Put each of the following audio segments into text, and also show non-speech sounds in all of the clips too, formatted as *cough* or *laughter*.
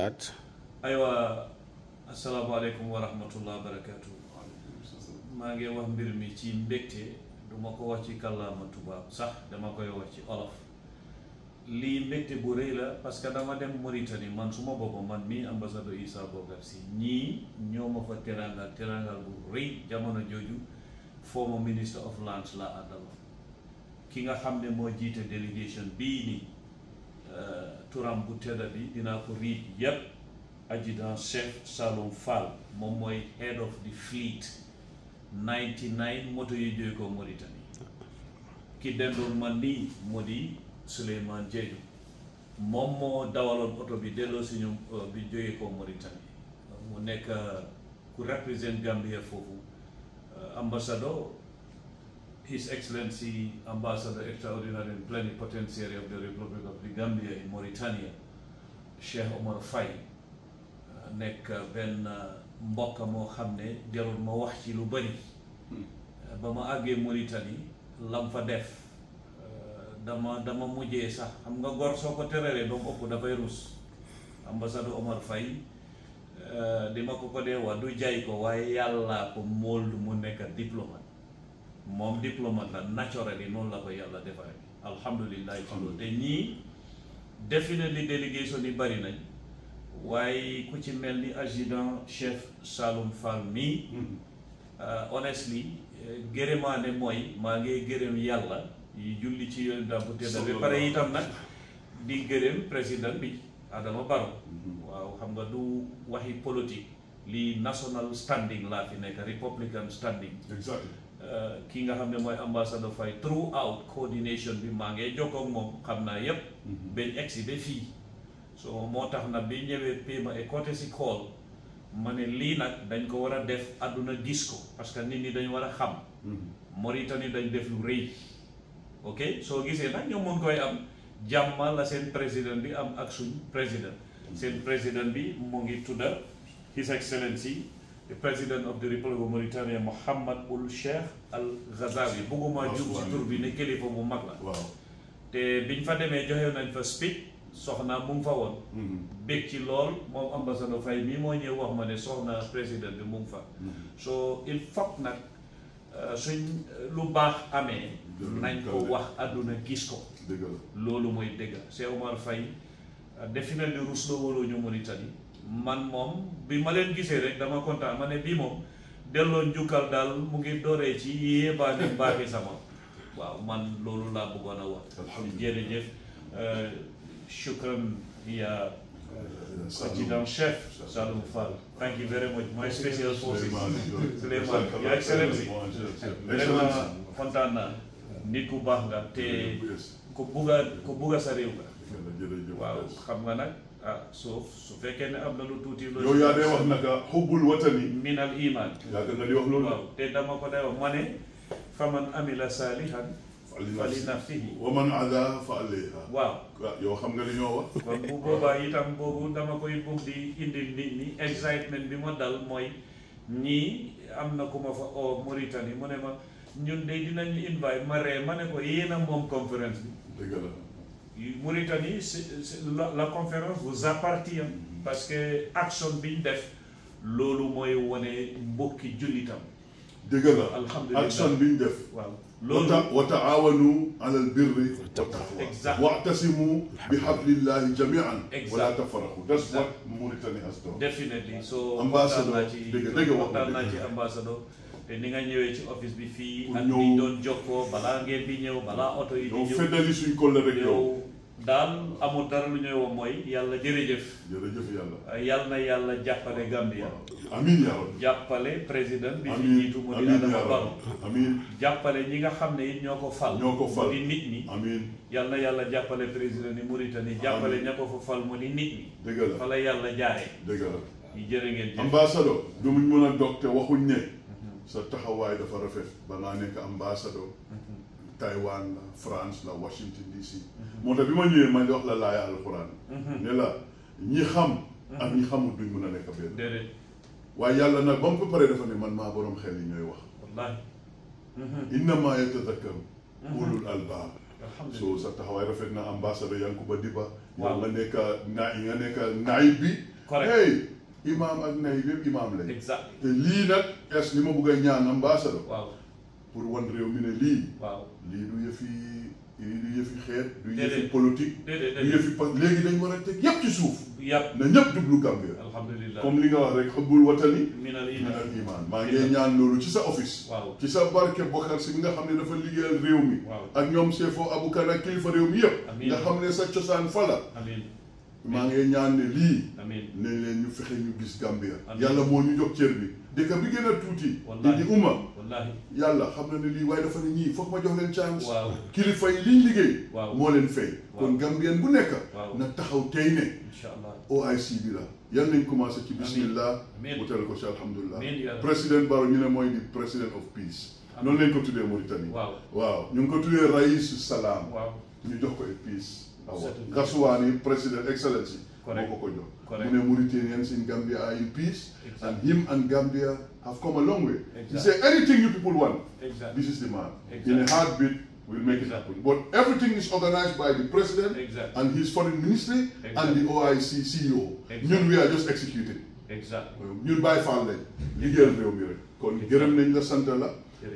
That. aywa asalaamaaleykum wa rahmatullah wa barakaatu. maa ngi wax mbir mi ci mbégte du ma ko wax ci kàllaama tubaab sax dama koy wax ci olof lii mbégte bu rëy dama dem Mauritanie man suma boppam man mii ambassadeur Essa Bokarr Sy Ni, ñoo ma fa terangal terangal bu rëy jamono jooju former minister of lands la àndal ki nga xam ne moo jiite turam bu tedda bi dinaa ko read yépp adjudant chef Saloum Fall moom mooy head of the fleet ninety nine moto yu jóge ko Mauritanie ki dendoon man nii moo di Souleymane Diédhiou moom moo dawaloon oto bi delloo si ñu euh, bi jóge ko mu nekk euh, ku represent Gambia foofu euh, ambassadeur His Excellency Ambassador Extraordinary and Plenipotentiary of the Republic of the Gambia in Mauritania, Sheikh Omar Fay, uh, nek uh, ben uh, mbokk moo xam ne jarul ma wax ci lu bari ba ma àggee lam fa def dama dama mujjee sax xam nga gor soo ko tereree ba rus ambassadeur Omar fay di ma ko ko dee wax du jaay ko waaye yalla ko mool mu nekk diplomate moom diplomate la naturel yi noonu la ko yàlla defare alhamdulilah ci loolu te ñii definitely délégation yi bëri nañ waaye ku ci mel ni adjudant chef Saloum Fall mii euh, honestly gërëmaane mooy maa ngi gërëm yàlla yi julli ci yoon daal bu tedda ba pare itam nag di gërëm président bi Adama Barrow mm-hmm. waaw xam nga du waxi politique lii national standing laa fi nekk republican standing Eh, kii nga xam ne mooy ambassadeur Faye throughout coordination bi maa ngee jokkoog moom xam naa yépp mhm. bañ egsi ba fii so moo tax na bi ñëwee payma et côté si call ma ne lii nag dañ ko war a def àdduna gis ko parce que nit ñi dañ war a xam mhm. Mauritanie dañ def lu rëy ok soo gisee nag ñoo mun koy am jàmma la seen président bi am ak suñ président mhm. seen président bi mu ngi tudda His Excellency the president of the Republic of Mauritania Mohammed Ould Cheikh Al Ghazali bëgguma jub ci tur bi ne kilifa bu mag la te biñ fa demee joxe nañ fa speech soxna mu ngi fa woon mm-hmm. bég ci lool moom ambassadeur Faye mii moo ñëw wax ma ne soxna président bi mu ngi fa mm-hmm. so il faut nag euh, suñ euh, lu baax amee nañ ko wax àdduna gis ko loolu mooy dëgg Cheikh Omar Faye euh, definitely rusloo waloo ñu Mauritanie man mom bi ma leen gisee rek dama kontaan ma dal bii moom delloo njukkal daal mu ngi ci sama waaw man loolu laa bëggoon a wax jërëjëf euh, shukran ya President Chef Saloum Fall. Thank you very much. My special forces. Suleiman, ya Excellency. Vraiment kontaan naa nit ku baax nga te ku bugg a sa nga. waaw xam nga ah suuf su fekkee ne am na lu tuuti. loolu yow yaa dee wax naka ah, xubbul watani. minal iman. yàgg te dama ko day wax ma ne. faman amila saalihan. fali nafsihi wa man ada fa alayha. waaw ah, yow xam nga li ñoo wax. kon bu boobaa itam boobu dama koy bugg di indil nit ñi bi ma dal mooy ñii am na ku ma fa oo Mauritanie mu ne ma ñun de dinañu invite ma ree ma ko yéen a moom conférence Mauritanie la la conférence vous appartient mm-hmm. parce que action bi ñu def loolu mooy wane mbokki jullitam dëgg la alhamdulilah action bi ñu def. waaw loolu wa taawanu alal birri wa taqwa. exactement wa'tasimu bi hablillahi jamian. exactement wala tafarraqu. that's what Mauritania has done. definitely so. ambassador dëgg dëgg waxtaan naa ci ambassador. te ni nga ñëwee ci office bi fii. ak ni doon jokkoo balaa ngeen di ñëw balaa oto yi. di ñëw yow dara lu ñuy wax mooy yàlla jërëjëf. jërëjëf yàlla. yàlla na yàlla jàppale Gambia. amiin yàlla. jàppale président bi fi jiitu mu di Adama Barrow. jàppale ñi nga xam ne it ñoo ko fal. ñoo ko fal mu na yàlla jàppale président ni Mauritanie jàppale ña ko fa fal mu di nit ñi. dëgg yàlla jaaree. dëgg la ngeen jëf. ambassadeur du mu mën a dog waxuñ ne. sa taxawaay dafa rafet ba ngaa nekk ambassadeur mhm. Taiwan la France la Washington DC mhm. moo tax bi ma ñëwee ma jox la laaya alxuraan mhm. ne la ñi xam ak ñi xamul duñ mun a nekk benn waaye yàlla nag ba mu ko paree dafa ne man maa borom xel yi ñooy wax a yatazakkaru ulul albaab so sa taxawaay rafet na ambassadeur Yankuba Diba yow nga nekk naa nga nekk naayib bi hey imaam ak i yëpp imaam lañ. exactement te lii nag es li ma bëgg a ñaan ambassadeur. waaw pour wan réew mi ne lii. waaw lii du yëfi du yëfi xeet. du yëfi politique. du yëfi pa léegi dañ war a teg yëpp ci suuf. yàpp na ñëpp dublu Gambia. alhamdulilah comme li nga wax rek xëbbul watani. minal iman maa ñaan loolu ci sa office. waaw ci sa barke Bokar si bi nga xam ne dafa liggéeyal réew mi. ak ñoom chefo Aboubacar ak kilifa réew mi yëpp. nga xam ne sa cosaan fa la. maa ngi ñaan ne lii. amiin ne leen ñu fexe ñu gis Gambia. yàlla moo ñu jox cër bi. dëkk bi gën a tuuti. wallaahi di umma. wallaahi yàlla xam na ne lii waaye dafa ne ñii foog ma jox leen chance. waaw liggéey. waaw moo leen fay. kon Gambien bu nekk. na taxaw tey ne. incha allah OIC bi la. yal nañ commencé ci bismillah. amiin wutal ko ci alhamdulilah. président Barrow ñu ne mooy di président of peace. noonu lañ ko tuddee Mauritanie. waaw waaw ñu ngi ko tuddee Raïs Salaam. waaw ñu ko peace. award ah, President Excellency Correct. Correct. Mauritanians in Gambia are in peace, exactly. and him and Gambia have come a long way. Exactly. He anything you people want, exactly. this is the man. Exactly. In a heartbeat, we'll make it happen. But everything is organized by the president and his foreign ministry and the OIC CEO. Exactly. we are just executing. Exactly. ñun bàyyi faal lañ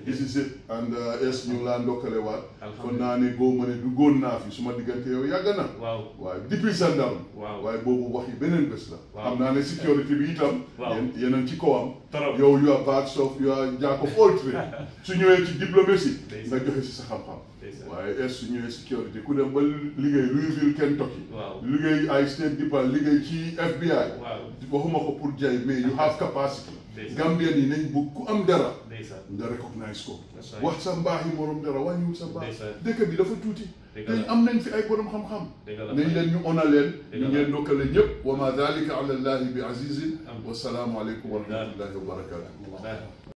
this is it and es uh, ñu ngi laa ndokkale waat kon naa ne boo ma ne du góon naa fi suma diggante yow yàgg na waaw waaye depuis sandam waaye boobu wax yi beneen bés la xam naa ne sécurité bi itam yeneen ci kawam yow you are back sof you are jack of all trade *laughs* su ñëwee ci diplomatie nga joxe si sa xam-xam waaye es su ñëwee sécurité ku dem ba liggéey Louisville Kentucky liggéey ay state dipal liggéey ci FBI ko pour jay mais you have capacity Gambien yi nañ bu am dara nga recognize ko wax sa mbaax yi morom dara wàññiwul sa mbaax dëkk bi dafa tuuti te am nañ fi ay borom xam-xam nañ leen ñu ona leen ñu ngeen dokkale ñëpp wa ma dalika ala llahi bi azizin wasalaamu aleykum wa rahmatullahi wa barakatuh